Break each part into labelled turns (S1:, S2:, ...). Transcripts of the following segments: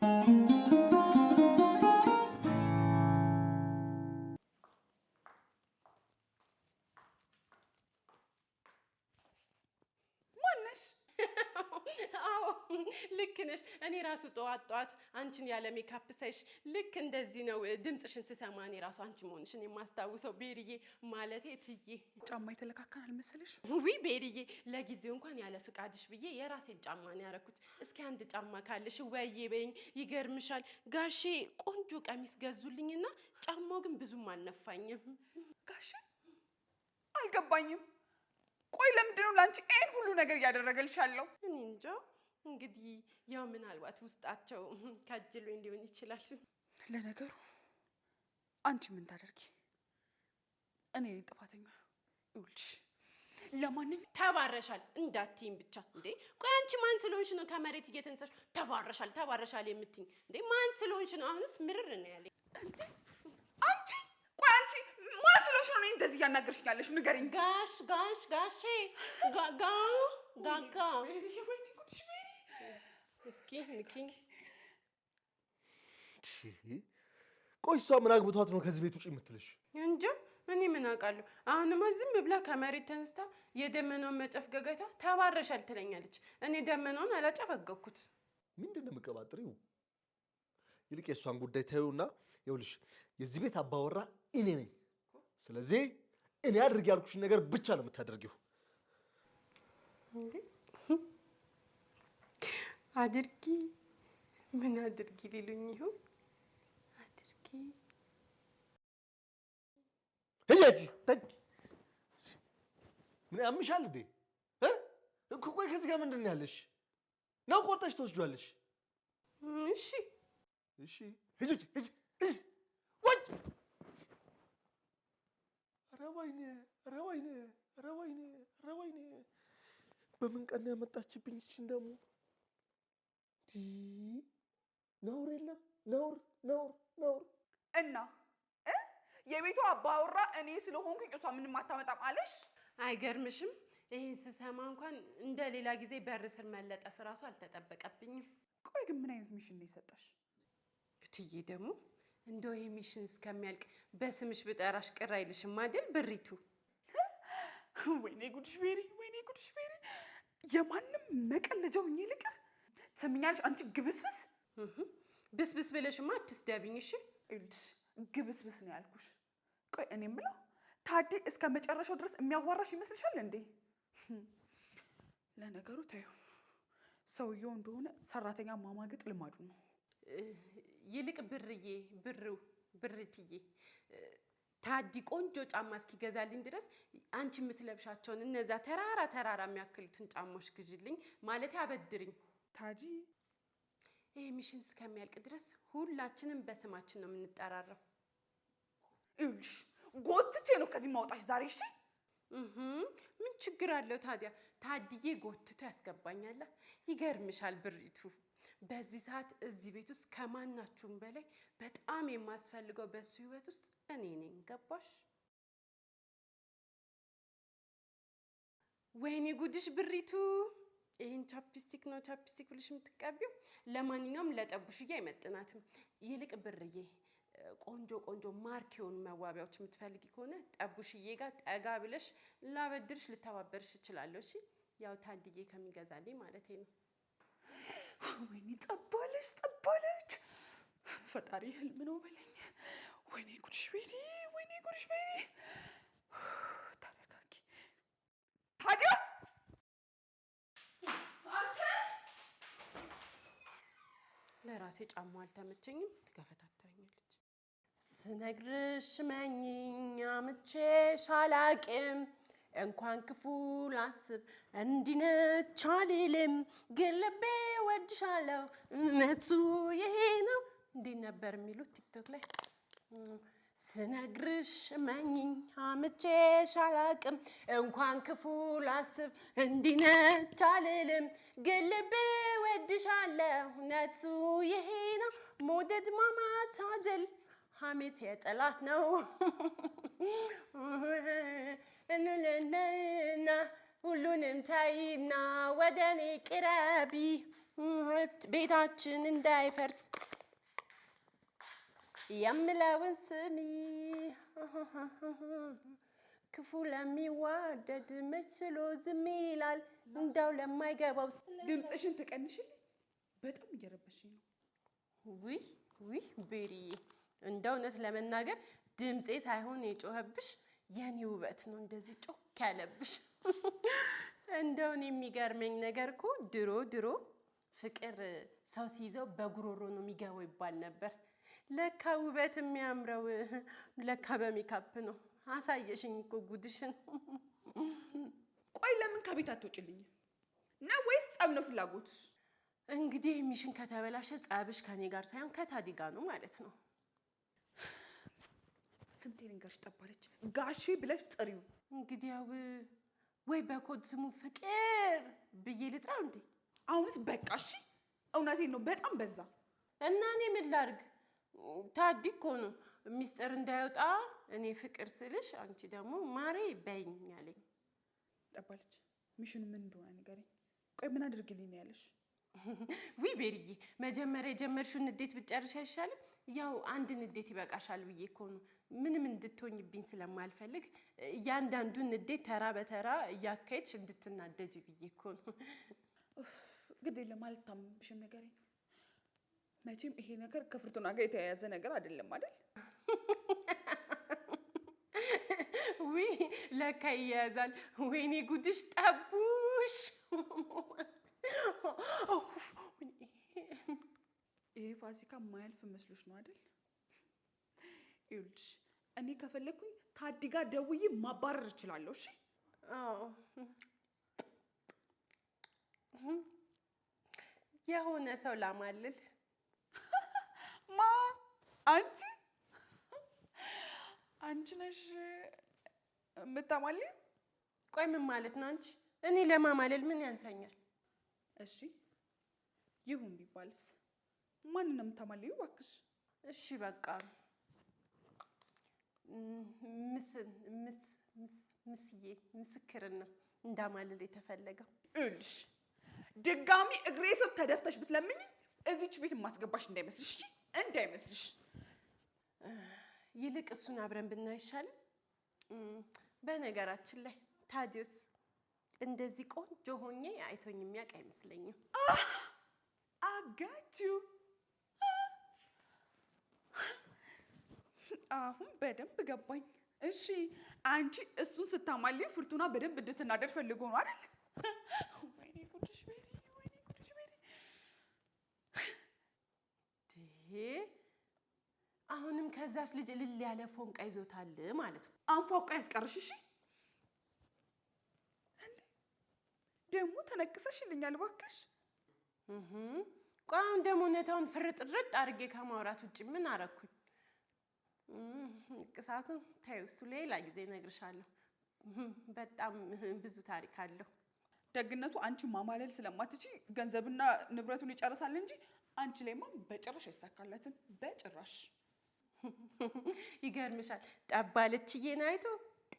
S1: Thank you.
S2: ልክ ነሽ። እኔ ራሱ ጠዋት ጠዋት አንቺን ያለ ሜካፕ ሳይሽ ልክ እንደዚህ ነው ድምፅሽን ስሰማ እኔ ራሱ አንቺ መሆንሽን የማስታውሰው። ቤርዬ ማለቴ ትዬ
S1: ጫማ የተለካከናል አልመስልሽ።
S2: ዊ ቤርዬ፣ ለጊዜው እንኳን ያለ ፍቃድሽ ብዬ የራሴን ጫማ ነው ያረኩት። እስኪ አንድ ጫማ ካለሽ ወዬ በይኝ። ይገርምሻል ጋሼ ቆንጆ ቀሚስ ገዙልኝና ጫማው ግን ብዙም አልነፋኝም።
S1: ጋሼ አልገባኝም። ቆይ ለምንድን ለአንቺ ሁሉ ነገር እያደረገልሻለሁ?
S2: እኔ እንጃ እንግዲህ ያው ምናልባት ውስጣቸው ካጅሎኝ ሊሆን ይችላል።
S1: ለነገሩ አንቺ ምን ታደርጊ? እኔ ነኝ ጥፋተኛ። ይኸውልሽ ለማንኛውም
S2: ተባረሻል እንዳትይኝ ብቻ። እንዴ ቆይ አንቺ ማን ስለሆንሽ ነው ከመሬት እየተነሳሽ ተባረሻል ተባረሻል የምትይኝ? እንዴ ማን ስለሆንሽ ነው? አሁንስ ምርር ነው ያለኝ።
S1: አንቺ ቆይ አንቺ ማን ስለሆንሽ ነው እንደዚህ እያናገርሽኛለሽ? ንገሪኝ።
S2: ጋሽ ጋሽ ጋሼ ጋጋ ጋጋ እስኪ ንኪኝ።
S3: ቆይ እሷ ምን አግብቷት ነው ከዚህ ቤት ውጭ የምትልሽ?
S2: እንጃ እኔ ምን አውቃለሁ። አሁንማ ዝም ብላ ከመሬት ተነስታ የደመናውን መጨፍገገታ ገገታ ተባረሻል ትለኛለች። እኔ ደመናውን አላጨፈገኩት።
S3: ምንድን ነው የምቀባጥሪው? ይልቅ የእሷን ጉዳይ ታዩና፣ ይኸውልሽ የዚህ ቤት አባወራ እኔ ነኝ። ስለዚህ እኔ አድርግ ያልኩሽን ነገር ብቻ ነው የምታደርጊው።
S2: አድርጊ ምን አድርጊ ሊሉኝ ይሁን አድርጊ
S3: እያጂ ጠጅ ምን ያምሻል እንዴ? ቆይ ከዚህ ጋር ምንድን ነው ያለሽ? ነው ቆርጠሽ ትወስጃለሽ እሺ እሺ እጂ እጂ እጂ ወይ ኧረ ወይኔ ኧረ ወይኔ ኧረ ወይኔ ኧረ ወይኔ በምን ቀን ያመጣችብኝ? እቺን ደግሞ ነውር የለም ነውር ነውር ነውር።
S1: እና የቤቱ አባወራ እኔ ስለሆንኩኝ እሷ ምንም አታመጣም አለሽ።
S2: አይገርምሽም? ይህን ስሰማ እንኳን እንደ ሌላ ጊዜ በር ስር መለጠፍ እራሱ አልተጠበቀብኝም።
S1: ቆይ ግን ምን አይነት ሚሽን ነው የሰጠሽ?
S2: ክትዬ ደግሞ እንደው ይሄ ሚሽን እስከሚያልቅ በስምሽ ብጠራሽ ቅር አይልሽም አይደል? ብሪቱ
S1: ወይኔ ጉድሽ ቤሪ፣ ወይኔ ጉድሽ ቤሪ። የማንም መቀለጃው እኚህ ልቅር ትሰምኛለሽ? አንቺ ግብስብስ
S2: ብስብስ ብለሽማ አትስደብኝ እሺ።
S1: ይኸውልሽ ግብስብስ ነው ያልኩሽ። ቆይ እኔ የምለው ታዲ እስከ መጨረሻው ድረስ የሚያዋራሽ ይመስልሻል እንዴ? ለነገሩ ታዩ ሰውየው እንደሆነ ሰራተኛ ማማገጥ ልማዱ ነው።
S2: ይልቅ ብርዬ ብሩ፣ ብርትዬ ታዲ ቆንጆ ጫማ እስኪገዛልኝ ድረስ አንቺ የምትለብሻቸውን እነዛ ተራራ ተራራ የሚያክሉትን ጫማዎች ግዥልኝ ማለት አበድርኝ። ታጂ ይህ ሚሽን እስከሚያልቅ ድረስ ሁላችንም በስማችን ነው የምንጠራረው።
S1: ይኸውልሽ ጎትቼ ነው ከዚህ ማውጣሽ ዛሬ። እሺ
S2: ምን ችግር አለው ታዲያ? ታድዬ ጎትቶ ያስገባኛላ። ይገርምሻል ብሪቱ፣ በዚህ ሰዓት እዚህ ቤት ውስጥ ከማናችሁም በላይ በጣም የማስፈልገው በሱ ህይወት ውስጥ እኔ ነኝ። ገባሽ? ወይኔ ጉድሽ ብሪቱ ይህን ቻፕስቲክ ነው ቻፕስቲክ ብልሽ የምትቀቢው ለማንኛውም ለጠቡሽዬ አይመጥናትም። ይልቅ ብርዬ ቆንጆ ቆንጆ ማርክ የሆኑ መዋቢያዎች የምትፈልጊ ከሆነ ጠቡሽዬ ጋር ጠጋ ብለሽ ላበድርሽ ልተባበርሽ እችላለሁ። እሺ ያው ታድዬ ከሚገዛልኝ ማለት ነው።
S1: ወይኔ ጠባለች ጠባለች፣ ፈጣሪ ህልም ነው በለኝ። ወይኔ ጉድሽ ቤሪ፣ ወይኔ ጉድሽ ቤሪ። ታረጋጊ ታዲያ
S2: ለራሴ ጫማ አልተመቸኝም፣ ትገፈታትረኛለች። ስነግርሽ መኝኝ አምቼሽ አላቅም እንኳን ክፉ ላስብ እንዲነች አልልም፣ ግን ልቤ ወድሻለሁ እነቱ ይሄ ነው። እንዴት ነበር የሚሉት ቲክቶክ ላይ ስነግርሽ እመኝኝ አምቼሽ አላቅም እንኳን ክፉ ላስብ እንዲነች አልልም ግን ልቤ ወድሻለሁ እውነቱ ይሄ ነው መውደድ ማማት አይደል ሀሜት የጠላት ነው እንልንና ሁሉንም ታይና ወደ ቅረቢ ቤታችን እንዳይፈርስ የሚለውን ስሚ ክፉ ለሚዋደድ መችሎ ዝም ይላል እንዳው ለማይገባው።
S1: ድምፅሽን ትቀንሽልኝ፣ በጣም እየረበሽኝ ነው።
S2: ውይ ውይ ቤሪዬ፣ እንደ እውነት ለመናገር ድምፄ ሳይሆን የጮኸብሽ የኔ ውበት ነው እንደዚህ ጮክ ያለብሽ። እንደውን የሚገርመኝ ነገር እኮ ድሮ ድሮ ፍቅር ሰው ሲይዘው በጉሮሮ ነው የሚገባው ይባል ነበር። ለካ ውበት የሚያምረው ለካ በሜካፕ ነው። አሳየሽኝ እኮ ጉድሽን።
S1: ቆይ ለምን ከቤት አትወጭልኝ ነው ወይስ ጸብ ነው ፍላጎት?
S2: እንግዲህ ሚሽን ከተበላሸ ጸብሽ ከኔ ጋር ሳይሆን ከታዲ ጋር ነው ማለት ነው።
S1: ስንቴ ልንገርሽ ጠባለች ጋሼ ብለሽ ጥሪው።
S2: እንግዲህ ያው ወይ በኮድ ስሙ ፍቅር ብዬ ልጥራው እንዴ?
S1: አሁንስ በቃ እሺ፣ እውነቴን ነው በጣም በዛ።
S2: እና እኔ ምን ላድርግ? ታዲ እኮ ነው ሚስጥር እንዳይወጣ። እኔ ፍቅር ስልሽ አንቺ ደግሞ ማሬ በይኝ አለኝ።
S1: ጠባለች ሚሽን ምን እንደሆነ ንገረኝ። ቆይ ምን አድርግልኝ ነው ያለሽ? ዊ
S2: ቤርዬ፣ መጀመሪያ የጀመርሽውን ንዴት ብጨርሽ አይሻልም? ያው አንድ ንዴት ይበቃሻል ብዬ እኮ ነው። ምንም እንድትሆኝብኝ ስለማልፈልግ እያንዳንዱን ንዴት ተራ በተራ እያካሄድሽ እንድትናደጅ ብዬ እኮ ነው።
S1: ግድ የለም አልታምብሽም፣ ንገረኝ መቼም ይሄ ነገር ከፍርቱና ጋር የተያያዘ ነገር አይደለም አይደል?
S2: ውይ ለካ ይያያዛል። ወይኔ ጉድሽ ጠቡሽ።
S1: ይሄ ፋሲካ ማያልፍ መስሎች ነው አይደል? ይኸውልሽ እኔ ከፈለግኩኝ ታዲጋ ደውዬ ማባረር እችላለሁ። እሺ
S2: የሆነ ሰው ላማልል
S1: ማ አንቺ አንቺ ነሽ የምታማልኝ?
S2: ቆይ ምን ማለት ነው አንቺ? እኔ ለማማለል ምን ያንሰኛል?
S1: እሺ ይሁን ቢባልስ ማንን ነው የምታማልዩ? እባክሽ
S2: እሺ በቃ ምስዬ ምስክርን ነው እንዳማልል የተፈለገው።
S1: እልሽ ድጋሚ እግሬ ስር ተደፍተሽ ብትለምኝ እዚች ቤት የማስገባሽ እንዳይመስልሽ እንዳይመስልሽ።
S2: ይልቅ እሱን አብረን ብናይ ይሻላል። በነገራችን ላይ ታዲዮስ እንደዚህ ቆንጆ ሆኜ አይቶኝ የሚያውቅ አይመስለኝም።
S1: አጋችሁ አሁን በደንብ ገባኝ። እሺ አንቺ እሱን ስታማሌ ፍርቱና በደንብ እንድትናደድ ፈልጎ ነው አይደል?
S2: አሁንም ከዛች ልጅ እልል ያለ ፎንቃ ይዞታል ማለት ነው።
S1: አንፏቋ ያስቀርሽ። እሺ ደግሞ ተነቅሰሽልኛል እባክሽ።
S2: ቆይ አሁን ደግሞ ሁኔታውን ፍርጥርጥ አድርጌ ከማውራት ውጭ ምን አረኩኝ? ቅሳቱ ተይው፣ እሱ ሌላ ጊዜ እነግርሻለሁ። በጣም ብዙ ታሪክ አለው።
S1: ደግነቱ አንቺ ማማለል ስለማትችይ ገንዘብና ንብረቱን ይጨርሳል እንጂ አንቺ ላይማ በጭራሽ አይሳካላትም። በጭራሽ
S2: ይገርምሻል። ጠባለችዬን አይቶ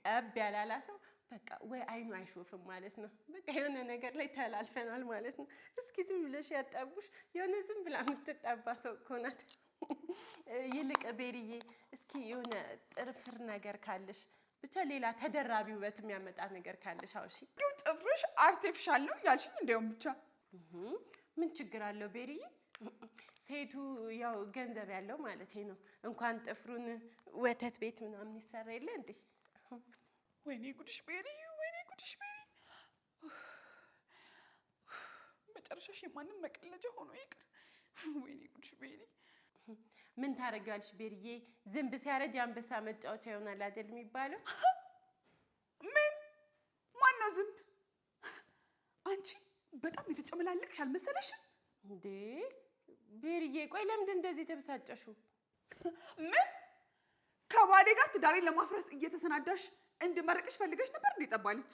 S2: ጠብ ያላላ ሰው በቃ ወይ አይኑ አይሾፍም ማለት ነው። በቃ የሆነ ነገር ላይ ተላልፈናል ማለት ነው። እስኪ ዝም ብለሽ ያጠቡሽ የሆነ ዝም ብላ የምትጠባ ሰው እኮ ናት። ይልቅ ቤርዬ እስኪ የሆነ ጥርፍር ነገር ካለሽ ብቻ ሌላ ተደራቢ ውበት የሚያመጣ ነገር ካለሽ አውሺ።
S1: ጥፍርሽ አርቴፊሻል ነው ያልሽኝ፣ እንዲያውም ብቻ
S2: ምን ችግር አለው ቤርዬ? ሴቱ ያው ገንዘብ ያለው ማለት ነው። እንኳን ጥፍሩን ወተት ቤት ምናምን ይሰራ የለ እንዴ?
S1: ወይኔ ጉድሽ ቤሪ፣ ወይኔ ጉድሽ ቤሪ። መጨረሻሽ የማንም መቀለጃ ሆኖ ይቅር። ወይኔ ጉድሽ ቤሪ።
S2: ምን ታደርጊዋለሽ ቤሪዬ? ዝንብ ሲያረጅ አንበሳ መጫወቻ ይሆናል አይደል የሚባለው?
S1: ምን ማን ነው ዝንብ? አንቺ በጣም የተጨመላለቅሽ አልመሰለሽም
S2: እንዴ? ብርዬ ቆይ ለምንድን እንደዚህ ተበሳጨሹ?
S1: ምን ከባሌ ጋር ትዳሬን ለማፍረስ እየተሰናዳሽ እንድመረቅሽ ፈልገሽ ነበር እንዴ? ጠባለች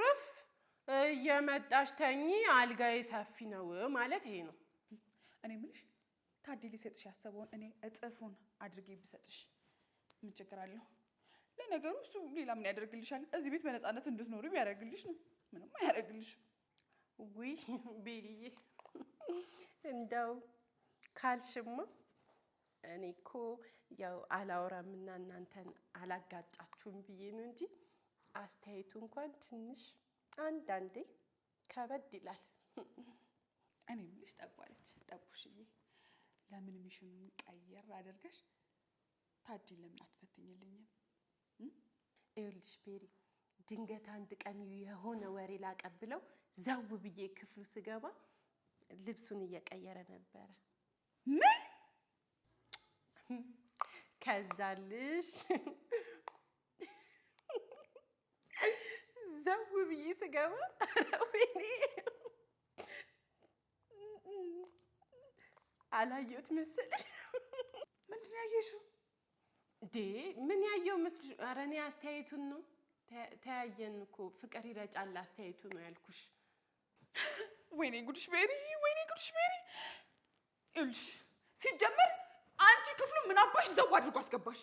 S2: ርፍ እየመጣሽ ተኝ አልጋዬ ሰፊ ነው ማለት ይሄ ነው።
S1: እኔ የምልሽ ታዲ ሊሰጥሽ ያሰበውን እኔ እጥፉን አድርጌ ብሰጥሽ ምን ችግር አለው? ለነገሩ እሱ ሌላ ምን ያደርግልሻል? እዚህ ቤት በነፃነት እንድትኖሪ ያደርግልሽ ነው። ምንም አያደርግልሽም።
S2: ውይ ቤልዬ እንደው ካልሽማ እኔ እኮ ያው አላወራምና እናንተን አላጋጫችሁም ብዬ ነው እንጂ አስተያየቱ እንኳን ትንሽ አንዳንዴ ከበድ ይላል።
S1: እኔ የምልሽ ጠቧለች ጠቡሽዬ፣ ለምን ሚሽኑን ቀየር አድርገሽ ታዲ ለምን አትፈትኝልኝም?
S2: ይኸውልሽ ቤሪ ድንገት አንድ ቀን የሆነ ወሬ ላቀብለው ዘው ብዬ ክፍሉ ስገባ ልብሱን እየቀየረ ነበረ። ምን ከዛልሽ ዘው ብዬ ስገባ ወይኔ አላየሁት መሰለሽ።
S1: ምንድን ያየሽው?
S2: ዴ ምን ያየው መስሎሽ? ኧረ እኔ አስተያየቱን ነው ተያየን እኮ ፍቅር ይረጫል አስተያየቱ ነው ያልኩሽ።
S1: ወይኔ ጉድሽ ቤሪ፣ ወይኔ ጉድሽ ቤሪ። ይኸውልሽ ሲጀመር አንቺ ክፍሉ ምን አባሽ ዘው አድርጎ አስገባሽ?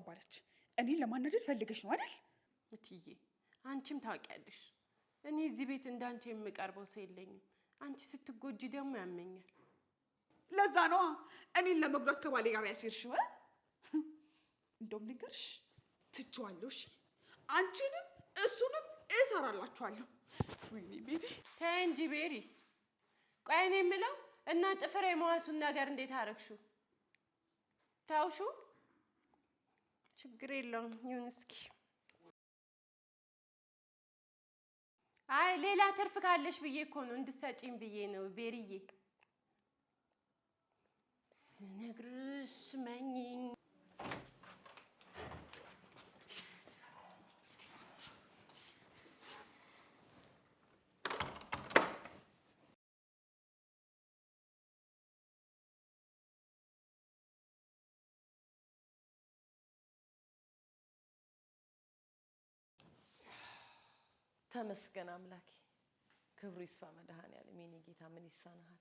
S1: ጠባለች። እኔ ለማናደድ ፈልገሽ ነው አይደል?
S2: እትዬ አንቺም ታውቂያለሽ፣ እኔ እዚህ ቤት እንዳንቺ የምቀርበው ሰው የለኝም። አንቺ ስትጎጂ ደግሞ ያመኛል።
S1: ለዛ ነዋ እኔን ለመጉዳት ከባሌ ጋር ያሴርሽው። እንደውም ንገርሽ ትችዋለሽ አንቺንም እሱንም እሰራላችኋለሁ። ወይኔ ቤሪ
S2: ተይ እንጂ ቤሪ። ቆይ እኔ የምለው እና ጥፍር የመዋሱን ነገር እንዴት አረግሹ? ታውሹ ችግር የለውም ይሁን። እስኪ አይ ሌላ ትርፍ ካለሽ ብዬ እኮ ነው እንድሰጪኝ ብዬ ነው ቤሪዬ። ስነግርሽ መኝኝ ተመስገን አምላኬ፣ ክብሩ ይስፋ መድኃኔዓለም። የኔ ጌታ ምን ይሳናሃል?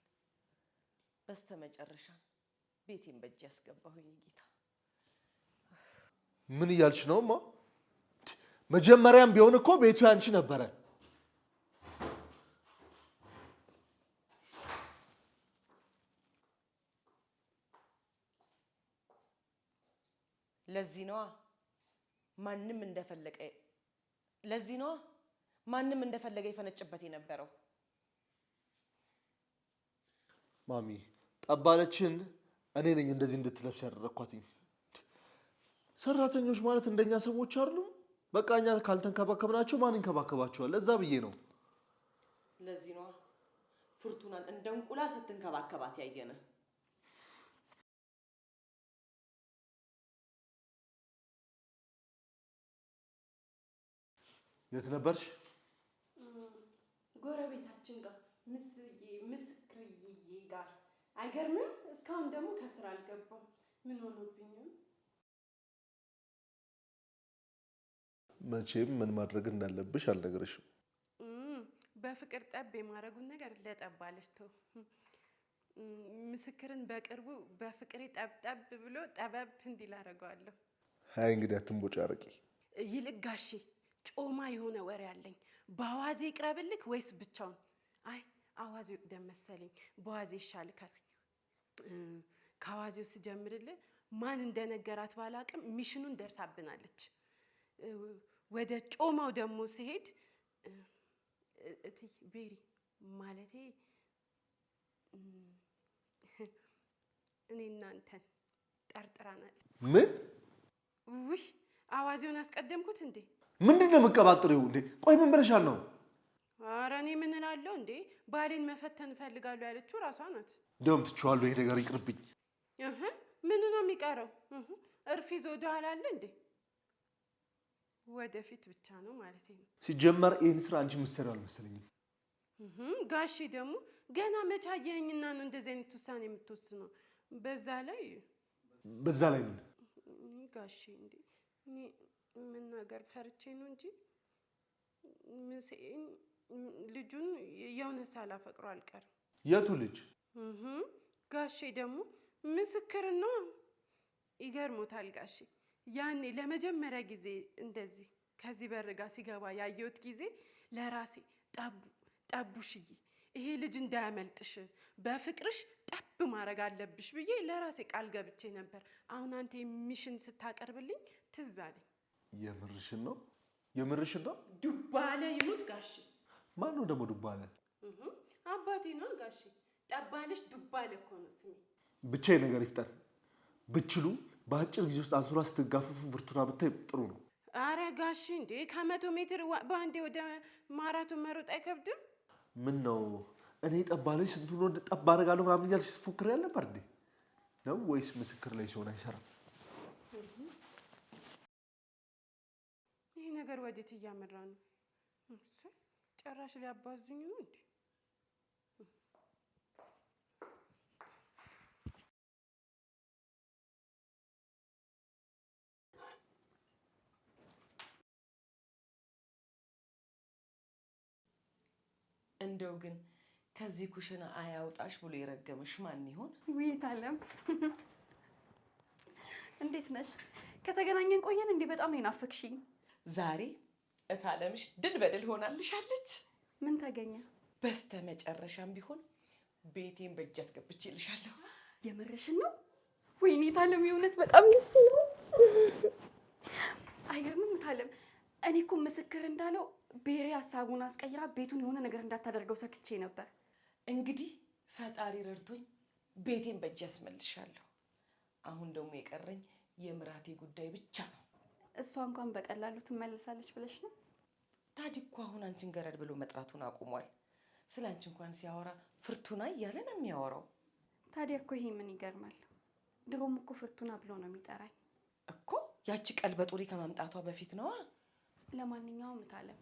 S2: መጨረሻ ቤቴን በእጅ ያስገባሁ የኔ ጌታ።
S3: ምን እያልሽ ነው? መጀመሪያም ቢሆን እኮ ቤቱ ያንቺ ነበረ።
S1: ለዚህ ነዋ ማንም እንደፈለቀ ለዚህ ነዋ ማንም እንደፈለገ ይፈነጭበት የነበረው።
S3: ማሚ ጠባለችን እኔ ነኝ እንደዚህ እንድትለብስ ያደረግኳትኝ። ሰራተኞች ማለት እንደኛ ሰዎች አሉ? በቃ እኛ ካልተንከባከብናቸው ማን ይንከባከባቸዋል? ለዛ ብዬ ነው።
S1: ለዚህ ነዋ ፍርቱናን እንደ እንቁላል ስትንከባከባት ያየነ።
S3: የት ነበርሽ?
S2: ጎረቤታችን ጋር ምስክርዬ ጋር አይገርምም? እስካሁን ደግሞ ከስራ አልገባም። ምን ሆኖብኝም?
S3: መቼም ምን ማድረግ እንዳለብሽ አልነግርሽም።
S2: በፍቅር ጠብ የማድረጉን ነገር ለጠባ አለችቶ ምስክርን በቅርቡ በፍቅሬ ጠብጠብ ብሎ ጠበብ እንዲል አደርገዋለሁ።
S3: አይ እንግዲህ አትንቦጫረቂ።
S2: ይልቅ ጋሼ ጮማ የሆነ ወሬ አለኝ። በአዋዜ ይቅረብልክ ወይስ ብቻውን? አይ አዋዜ ደ መሰለኝ፣ በአዋዜ ይሻልካል። ከአዋዜው ስጀምርልህ ማን እንደነገራት ባላቅም ሚሽኑን ደርሳብናለች። ወደ ጮማው ደግሞ ስሄድ እትይ ቤሪ ማለቴ እኔ እናንተን ጠርጥራናል። ምን ውይ አዋዜውን አስቀደምኩት እንዴ?
S3: ምንድን ነው የምቀባጥሪው እንዴ? ቆይ ምን ብለሻል ነው?
S2: ኧረ እኔ ምን እላለሁ እንዴ? ባሌን መፈተን እፈልጋለሁ ያለችው ራሷ ናት።
S3: እንደውም ትችዋለሁ። ይሄ ነገር ይቅርብኝ።
S2: ምን ነው የሚቀረው? እርፍ ይዞ ወደኋላ አለ እንዴ? ወደፊት ብቻ ነው ማለት ነው።
S3: ሲጀመር ይህን ስራ አንቺ የምትሰሪው አልመሰለኝም።
S2: ጋሺ ደግሞ ገና መቼ አየኸኝና ነው እንደዚህ አይነት ውሳኔ የምትወስነው? በዛ ላይ በዛ ላይ ምን ጋሺ እንዴ መናገር ፈርቼ ነው እንጂ ልጁን የሆነ ሳላፈቅሮ አልቀርም። የቱ ልጅ? ጋሼ ደግሞ ምስክር ነው ይገርሞታል። ጋሼ ያኔ ለመጀመሪያ ጊዜ እንደዚህ ከዚህ በር ጋር ሲገባ ያየሁት ጊዜ ለራሴ ጠቡ ጠቡሽዬ፣ ይሄ ልጅ እንዳያመልጥሽ በፍቅርሽ ጠብ ማድረግ አለብሽ ብዬ ለራሴ ቃል ገብቼ ነበር። አሁን አንተ የሚሽን ስታቀርብልኝ ትዝ አለኝ።
S3: የምርሽን ነው? የምርሽን ነው?
S2: ዱባለ ይሉት ጋሽ።
S3: ማን ነው ደግሞ ዱባለ?
S2: አባቴ ነው ጋሽ። ጠባለሽ ዱባለ እኮ ነው ስሜ።
S3: ብቻ ነገር ይፍጠር ብችሉ በአጭር ጊዜ ውስጥ አንሶላ ስትጋፈፉ ብርቱና ብታይ ጥሩ ነው።
S2: አረ ጋሽ እንዴ ከመቶ ሜትር በአንዴ ወደ ማራቶን መሮጥ አይከብድም?
S3: ምን ነው እኔ ጠባለሽ ስንቱን ወደ ጠባ አደርጋለሁ ምናምን እያልሽ ስትፎክር ያልነበር እንዴ ነው ወይስ ምስክር ላይ ሲሆን አይሰራም?
S2: ነገር ወዴት እያመራ ነው? ጭራሽ ሊያባዙኝ ነው እንዴ?
S1: እንደው ግን ከዚህ ኩሽና አያውጣሽ ብሎ የረገመሽ ማን ይሆን?
S2: ውይይት አለም እንዴት ነሽ? ከተገናኘን ቆየን እንዴ? በጣም ነው የናፈቅሽኝ።
S1: ዛሬ እታለምሽ ድል በድል ሆናልሻለች። ምን ተገኘ? በስተ መጨረሻም ቢሆን ቤቴን በእጅ አስገብቼ ልሻለሁ።
S2: የምርሽን ነው? ወይኔ እታለም፣ የእውነት በጣም ደስ ይላል። አይገርምም? እታለም፣ እኔ እኮ ምስክር እንዳለው ቤሪ ሀሳቡን አስቀይራ ቤቱን የሆነ ነገር እንዳታደርገው ሰክቼ ነበር።
S1: እንግዲህ ፈጣሪ ረድቶኝ ቤቴን በእጅ ያስመልሻለሁ። አሁን ደግሞ የቀረኝ የምራቴ ጉዳይ ብቻ ነው።
S2: እሷ እንኳን በቀላሉ ትመለሳለች ብለሽ ነው?
S1: ታዲ እኮ አሁን አንቺን ገረድ ብሎ መጥራቱን አቁሟል። ስለ አንቺ እንኳን ሲያወራ ፍርቱና እያለ ነው የሚያወራው።
S2: ታዲያ እኮ ይሄ ምን ይገርማል? ድሮም እኮ ፍርቱና ብሎ ነው የሚጠራኝ
S1: እኮ። ያቺ በጡሪ ከማምጣቷ በፊት ነዋ።
S2: ለማንኛውም እታለም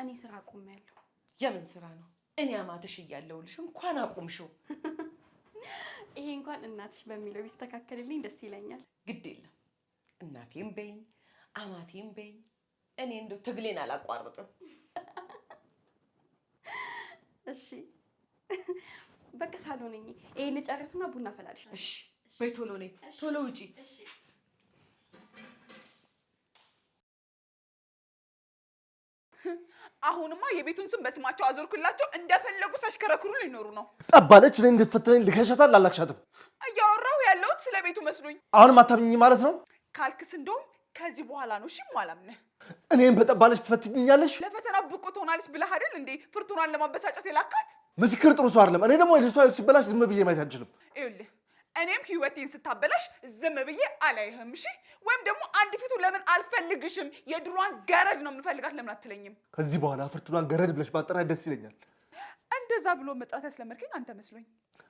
S2: እኔ ስራ ያለሁ
S1: የምን ስራ ነው? እኔ አማትሽ እያለሁልሽ እንኳን አቁምሽው።
S2: ይሄ እንኳን እናትሽ በሚለው ቢስተካከልልኝ ደስ ይለኛል።
S1: ግድ የለም እናቴም በይኝ አማቴም በኝ እኔ እንደው ትግሌን አላቋርጥም።
S2: እሺ በቃ ሳሎን ነኝ። ይሄን ልጨርስና ቡና ፈላልሽ።
S1: እሺ በይ ቶሎ ነኝ፣ ቶሎ ውጪ። አሁንማ የቤቱን ስም በስማቸው አዞርኩላቸው። እንደፈለጉ ሳሽከረክሩ ሊኖሩ ነው።
S3: ጠባለች እኔ እንድትፈትነኝ ልከሻታል። አላክሻትም።
S1: እያወራሁ ያለሁት ስለ ቤቱ መስሎኝ።
S3: አሁንም አታምኚኝ ማለት ነው
S1: ካልክስ እንደውም ከዚህ በኋላ ነው እሺ አላምነ።
S3: እኔም በጠባለች ትፈትኝኛለሽ?
S1: ለፈተና ብቁ ትሆናለች ብለህ አይደል እንዴ ፍርቱናን ለማበሳጨት የላካት?
S3: ምስክር ጥሩ ሰው አይደለም። እኔ ደግሞ ልሷ ሲበላሽ ዝም ብዬ ማየት አልችልም።
S1: ይኸውልህ እኔም ህይወቴን ስታበላሽ ዝም ብዬ አላይህም። እሺ ወይም ደግሞ አንድ ፊቱ ለምን አልፈልግሽም፣ የድሯን ገረድ ነው የምፈልጋት ለምን አትለኝም?
S3: ከዚህ በኋላ ፍርቱናን ገረድ ብለሽ ባጠራ ደስ ይለኛል።
S1: እንደዛ ብሎ መጥራት ያስለመድከኝ አንተ መስሎኝ።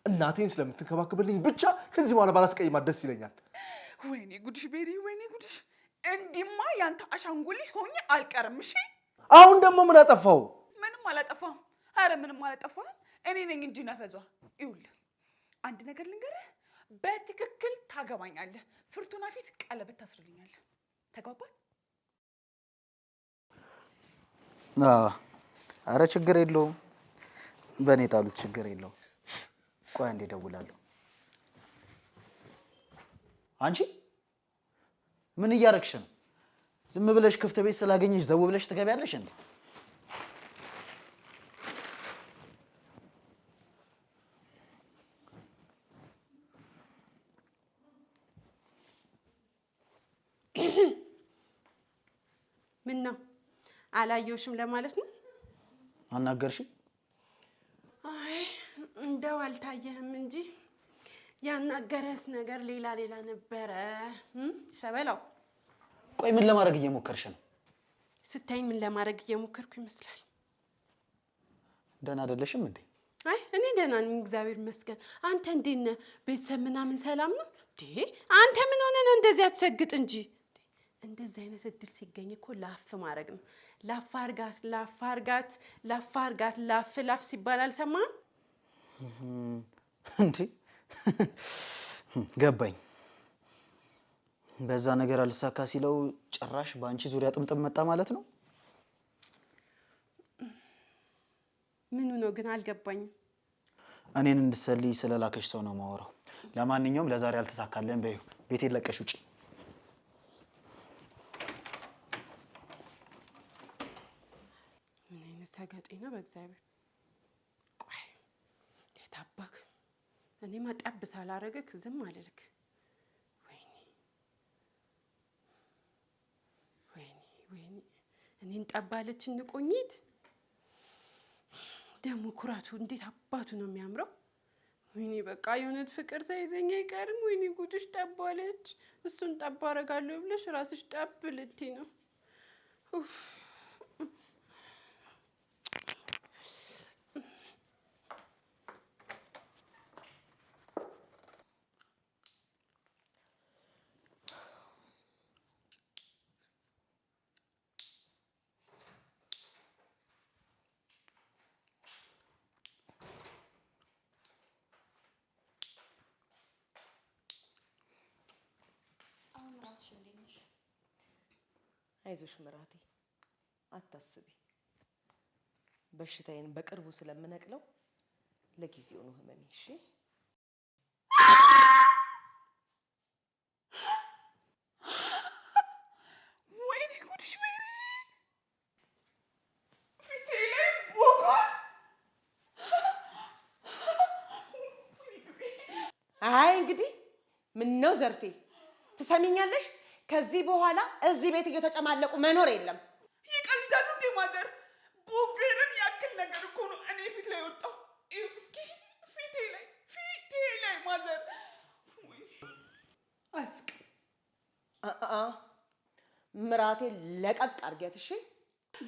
S3: እናቴን ስለምትንከባከብልኝ ብቻ ከዚህ በኋላ ባላስቀይማት ደስ ይለኛል።
S1: ወይኔ ጉድሽ ቤሪ፣ ወይኔ ጉድሽ እንዲማ ያንተ አሻንጉሊት ሆኜ አልቀርም። እሺ
S3: አሁን ደግሞ ምን አጠፋው?
S1: ምንም አላጠፋም። አረ ምንም አላጠፋም። እኔ ነኝ እንጂ ነፈዟ። ይኸውልህ አንድ ነገር ልንገርህ፣ በትክክል ታገባኛለህ። ፍርቱና ፊት ቀለበት ታስርልኛለህ። ተግባባል?
S3: አረ ችግር የለውም። በእኔ ጣሉት፣ ችግር የለውም። ቆይ አንዴ እደውላለሁ። አንቺ ምን እያረግሽ ነው? ዝም ብለሽ ክፍት ቤት ስላገኘሽ ዘው ብለሽ ትገቢያለሽ እንዴ?
S2: ምን ነው አላየሁሽም ለማለት ነው? አናገርሽ? አይ እንደው አልታየህም እንጂ ያናገረስ ነገር ሌላ ሌላ ነበረ። ሸበላው
S3: ቆይ ምን ለማድረግ እየሞከርሽ ነው?
S2: ስታይ ምን ለማድረግ እየሞከርኩ ይመስላል?
S3: ደህና አይደለሽም እንዴ?
S2: አይ እኔ ደህና ነኝ እግዚአብሔር ይመስገን። አንተ እንዴት ነህ? ቤተሰብ ምናምን ሰላም ነው? አንተ ምን ሆነ ነው እንደዚህ አትሰግጥ እንጂ። እንደዚህ አይነት እድል ሲገኝ እኮ ላፍ ማድረግ ነው። ላፍ አርጋት፣ ላፍ አርጋት፣ ላፍ አርጋት፣ ላፍ ላፍ ሲባል አልሰማህም
S3: እንዴ? ገባኝ። በዛ ነገር አልሳካ ሲለው ጭራሽ በአንቺ ዙሪያ ጥምጥም መጣ ማለት ነው።
S2: ምኑ ነው ግን አልገባኝም።
S3: እኔን እንድትሰልይ ስለላከሽ ሰው ነው ማወራው። ለማንኛውም ለዛሬ አልተሳካለን በይው፣ ቤቴን ለቀሽ ውጭ።
S2: ምን አይነት ሰገጤ ነው በእግዚአብሔር።
S1: ቆይ የታባክ እኔማ ጠብ ሳላረግክ ዝም አልልክ። ወይኔ ወይኔ ወይኔ እኔን ጠባለች እንቆኝት ደግሞ ኩራቱ እንዴት አባቱ ነው የሚያምረው። ወይኔ በቃ የእውነት ፍቅር ሳይዘኝ አይቀርም። ወይኔ ጉድሽ ጠባለች። እሱን ጠባ አረጋለሁ ብለሽ ራስሽ ጠብ ልቲ ነው አይዞሽ ምራቴ አታስቢ። በሽታዬን በቅርቡ ስለምነቅለው ለጊዜው ነው ህመሜ። እሺ አይ እንግዲህ ምን ነው ዘርፌ ትሰሚኛለሽ? ከዚህ በኋላ እዚህ ቤት እየተጨማለቁ መኖር የለም። ይቀልዳሉ እንዴ ማዘር? ቡገርን ያክል ነገር እኮ ነው እኔ ፊት ላይ ወጣው። እዩት እስኪ ፊቴ ላይ ፊቴ ላይ ማዘር አስቅ ምራቴ ለቀቅ አድርጊያት። እሺ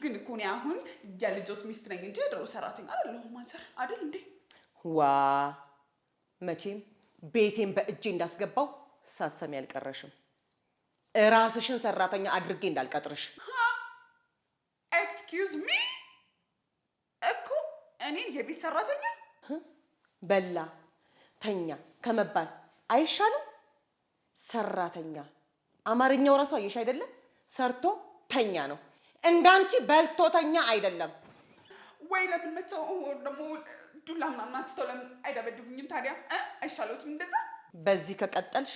S2: ግን እኮ እኔ አሁን ያልጆት ሚስት ነኝ እንጂ የድሮ ሰራተኛ አይደለሁም። ማዘር አይደል እንዴ?
S1: ዋ መቼም ቤቴን በእጄ እንዳስገባው ሳትሰሚ አልቀረሽም። ራስሽን ሰራተኛ አድርጌ እንዳልቀጥርሽ። ኤክስኪውዝ ሚ እኮ እኔን የቤት ሰራተኛ በላ ተኛ ከመባል አይሻልም? ሰራተኛ አማርኛው ራሱ አየሽ አይደለም፣ ሰርቶ ተኛ ነው እንዳንቺ በልቶ ተኛ አይደለም ወይ? ለምን መተው ደግሞ ዱላ ምናምን አንስተው ለምን አይደበድቡኝም ታዲያ? አይሻለትም እንደዛ? በዚህ ከቀጠልሽ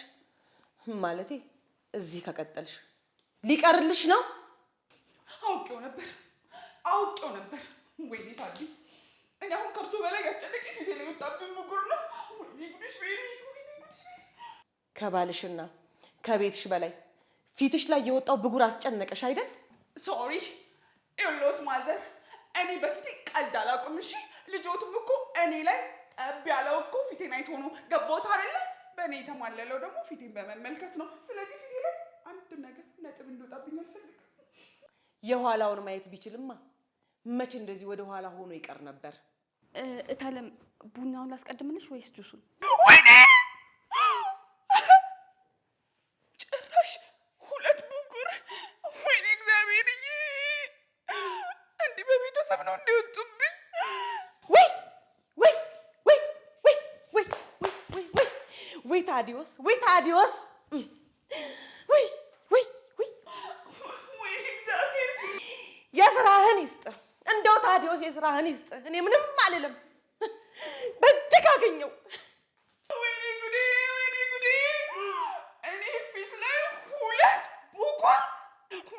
S1: ማለቴ እዚህ ከቀጠልሽ ሊቀርልሽ ነው። አውቄው ነበር፣ አውቄው ነበር። ወይኔ ታዲ፣ እኔ አሁን ከእርሶ በላይ ያስጨነቀኝ ፊቴ ላይ የወጣብኝ ብጉር ነው። ወይኔ ጉድሽ፣ ወይኔ ጉድሽ። ከባልሽና ከቤትሽ በላይ ፊትሽ ላይ የወጣው ብጉር አስጨነቀሽ አይደል? ሶሪ ኢሎት ማዘር፣ እኔ በፊቴ ቀልድ አላውቅም። እሺ ልጆቱም እኮ እኔ ላይ ጠብ ያለው እኮ ፊቴን አይቶ ነው። ገባሁት አይደለ? በእኔ የተማለለው ደግሞ ፊቴን በመመልከት ነው። ስለዚህ ነጥብ እንደወጣብኝ አልፈልግም። የኋላውን ማየት ቢችልማ መቼ እንደዚህ ወደ ኋላ ሆኖ ይቀር ነበር።
S2: እታለም ቡናውን ላስቀድምልሽ ወይስ ጁሱን?
S1: ወይኔ ጭራሽ ሁለት ወይኔ እግዚአብሔር! እንዲህ በቤተሰብ ነው እንዲወጡብኝ። ወይ ወይ ወይ ወይ ወይ ወይ ወይ ወይ ታዲዮስ ወይ ታዲዮስ ስራህን ይስጥ። እንደው ታዲዮስ የስራህን ይስጥ። እኔ ምንም አልልም። በእጅግ አገኘው። ወይኔ ጉዴ፣ ወይኔ ጉዴ! እኔ ፊት ላይ ሁለት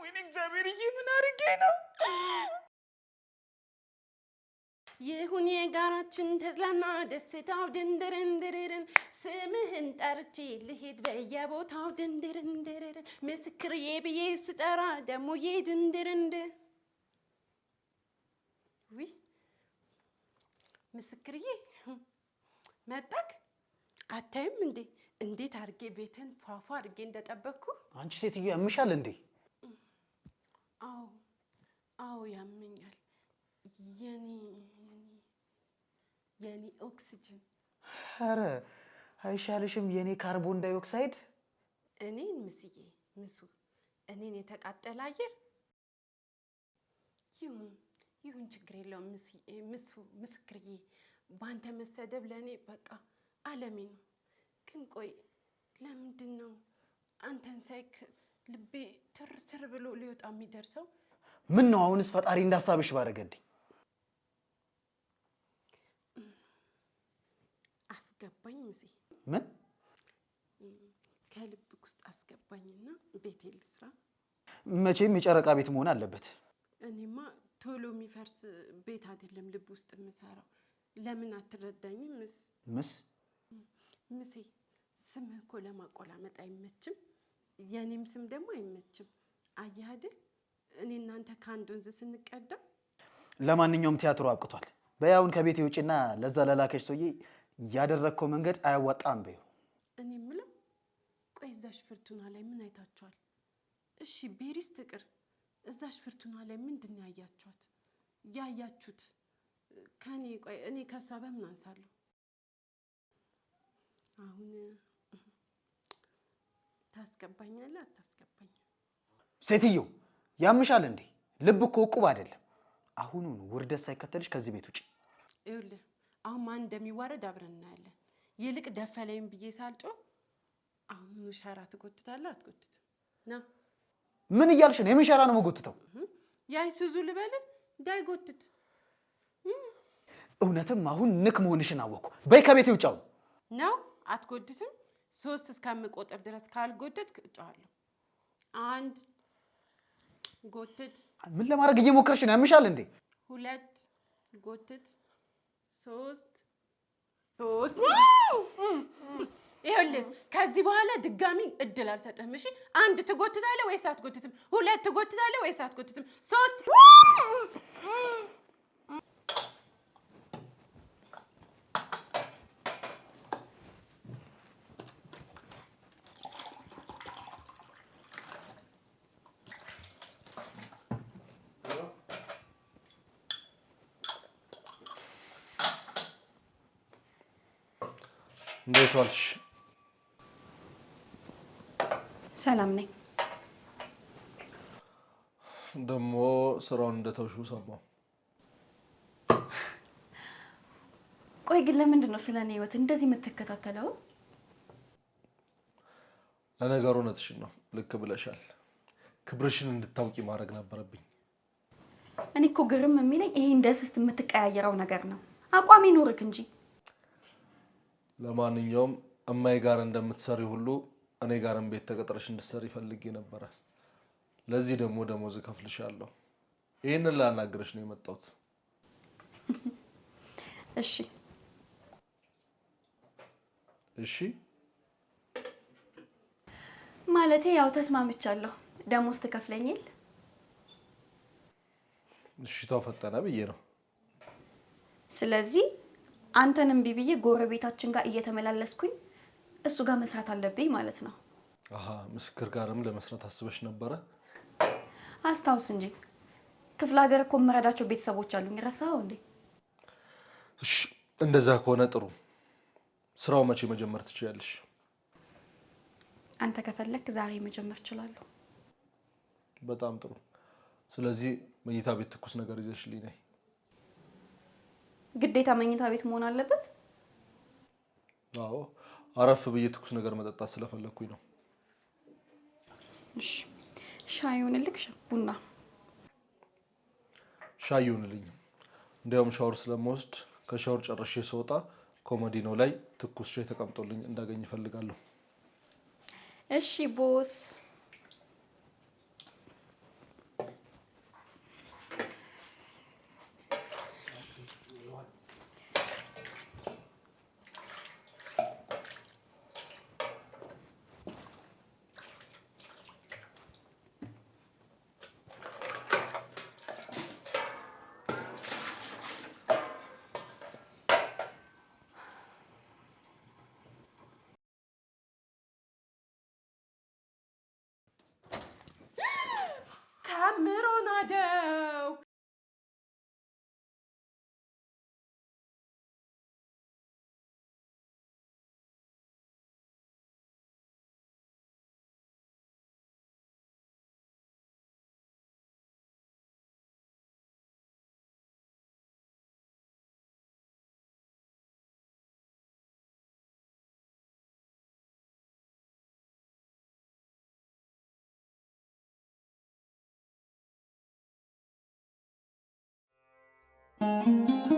S1: ወይኔ እግዚአብሔርዬ፣ ምን አድርጌ ነው?
S2: ይሁን የጋራችን ተድላና ደስታው ድንድርንድርርን ስምህን ጠርቼ ልሄድ በየቦታው ድንድርንድርን ምስክርዬ ብዬ ስጠራ ደሞዬ ድንድርንድር ውይ ምስክርዬ መጣክ አታይም እንዴ? እንዴት አድርጌ ቤትን ፏፏ አድርጌ እንደጠበቅኩ።
S3: አንቺ ሴትዮ ያምሻል እንዴ?
S2: አዎ አዎ፣ ያመኛል። የኔ የኔ ኦክሲጅን።
S3: ኧረ አይሻልሽም? የኔ ካርቦን ዳይኦክሳይድ።
S2: እኔን ምስዬ፣ ምሱ፣ እኔን የተቃጠለ አየር ይሁን ይሁን ችግር የለውም ምስ ምስክርዬ በአንተ መሰደብ ለእኔ በቃ አለሜ ነው። ግን ቆይ ለምንድን ነው አንተን ሳይክ ልቤ ትርትር ብሎ ሊወጣ የሚደርሰው?
S3: ምን ነው አሁንስ ፈጣሪ እንዳሳብሽ ባረገልኝ።
S2: አስገባኝ ምስ ምን ከልብ ውስጥ አስገባኝና ቤቴ ልስራ።
S3: መቼም የጨረቃ ቤት መሆን አለበት።
S2: እኔማ ቶሎ የሚፈርስ ቤት አይደለም ልብ ውስጥ የምሰራው። ለምን አትረዳኝም? ምስ ምስ ምሴ ስምህ እኮ ለማቆላመጥ አይመችም። የእኔም ስም ደግሞ አይመችም። አየህ አይደል እኔ እናንተ ከአንድ ወንዝ ስንቀዳ።
S3: ለማንኛውም ቲያትሩ አብቅቷል። በያውን ከቤት ውጭና ለዛ ለላከች ሰውዬ ያደረግከው መንገድ አያዋጣም በይው።
S2: እኔ የምለው ቆይ እዛሽ ፍርቱና ላይ ምን አይታችኋል? እሺ ቤሪስ ትቅር እዛሽ ፍርቱና ላይ ምንድን ነው ያያችኋት? ያያችሁት? ከኔ ቆይ እኔ ከሷ በምን አንሳለሁ? አሁን ታስገባኛለህ አታስገባኝ?
S3: ሴትዮ ያምሻል እንዴ? ልብ እኮ እቁብ አይደለም። አሁኑኑ ውርደት ሳይከተልሽ ከዚህ ቤት ውጭ።
S2: ይኸውልህ አሁን ማን እንደሚዋረድ አብረን እናያለን። ይልቅ ደፈለይም ብዬ ሳልጮ አሁኑ ሸራ ትጎትታለህ አትጎትትም? ና
S3: ምን እያልሽ ነው? የምን ሸራ ነው መጎትተው?
S2: የአይሱዙ ልበል እንዳይጎትት።
S3: እውነትም አሁን ንክ መሆንሽን አወቅኩ። በይ ከቤት ይውጫው
S2: ነው። አትጎድትም። ሶስት እስከምቆጥር ድረስ ካልጎትትክ እጫዋለሁ። አንድ ጎትት።
S3: ምን ለማድረግ እየሞከርሽ ነው? ያምሻል እንዴ?
S2: ሁለት ጎትት። ሶስት ሶስት ይኸውልህ ከዚህ በኋላ ድጋሚ እድል አልሰጥህም። እሺ አንድ ትጎትታለህ ወይስ አትጎትትም? ሁለት ትጎትታለህ ወይስ አትጎትትም? ሶስት እንዴት ዋልሽ? ሰላም ነኝ።
S3: ደግሞ ስራውን እንደተውሹ ሰማሁ።
S2: ቆይ ግን ለምንድን ነው ስለ እኔ ህይወት እንደዚህ የምትከታተለው?
S3: ለነገሩ እውነትሽን ነው፣ ልክ ብለሻል። ክብርሽን እንድታውቂ ማድረግ ነበረብኝ።
S2: እኔ እኮ ግርም የሚለኝ ይሄ እንደ የምትቀያየረው ነገር ነው። አቋም ይኖርክ እንጂ።
S3: ለማንኛውም እማይ ጋር እንደምትሰሪ ሁሉ እኔ ጋርም ቤት ተቀጥረሽ እንድትሰሪ ፈልጌ ነበረ። ለዚህ ደግሞ ደሞዝ እከፍልሻለሁ። ይህንን ላናግረሽ ነው የመጣሁት። እሺ እሺ።
S2: ማለቴ ያው ተስማምቻለሁ። ደሞዝ ትከፍለኝ የለ?
S3: እሽታው ፈጠነ ብዬ ነው።
S2: ስለዚህ አንተን እምቢ ብዬ ጎረቤታችን ጋር እየተመላለስኩኝ እሱ ጋር መስራት አለብኝ ማለት ነው።
S3: አሀ ምስክር ጋርም ለመስራት አስበሽ ነበረ?
S2: አስታውስ እንጂ ክፍለ ሀገር እኮ የምረዳቸው ቤተሰቦች አሉኝ። ረሳኸው እንዴ?
S3: እሺ፣ እንደዛ ከሆነ ጥሩ። ስራው መቼ መጀመር ትችላለሽ?
S2: አንተ ከፈለክ ዛሬ መጀመር እችላለሁ።
S3: በጣም ጥሩ። ስለዚህ መኝታ ቤት ትኩስ ነገር ይዘሽልኝ ነይ።
S2: ግዴታ መኝታ ቤት መሆን አለበት?
S3: አዎ አረፍ ብዬ ትኩስ ነገር መጠጣት ስለፈለግኩኝ ነው።
S2: ሻይ ይሁንልክ? ቡና?
S3: ሻይ ይሁንልኝ። እንዲያውም ሻወር ስለምወስድ ከሻወር ጨርሼ ስወጣ ኮሞዲኖ ላይ ትኩስ ሻይ ተቀምጦልኝ እንዳገኝ እፈልጋለሁ።
S2: እሺ ቦስ Thank you.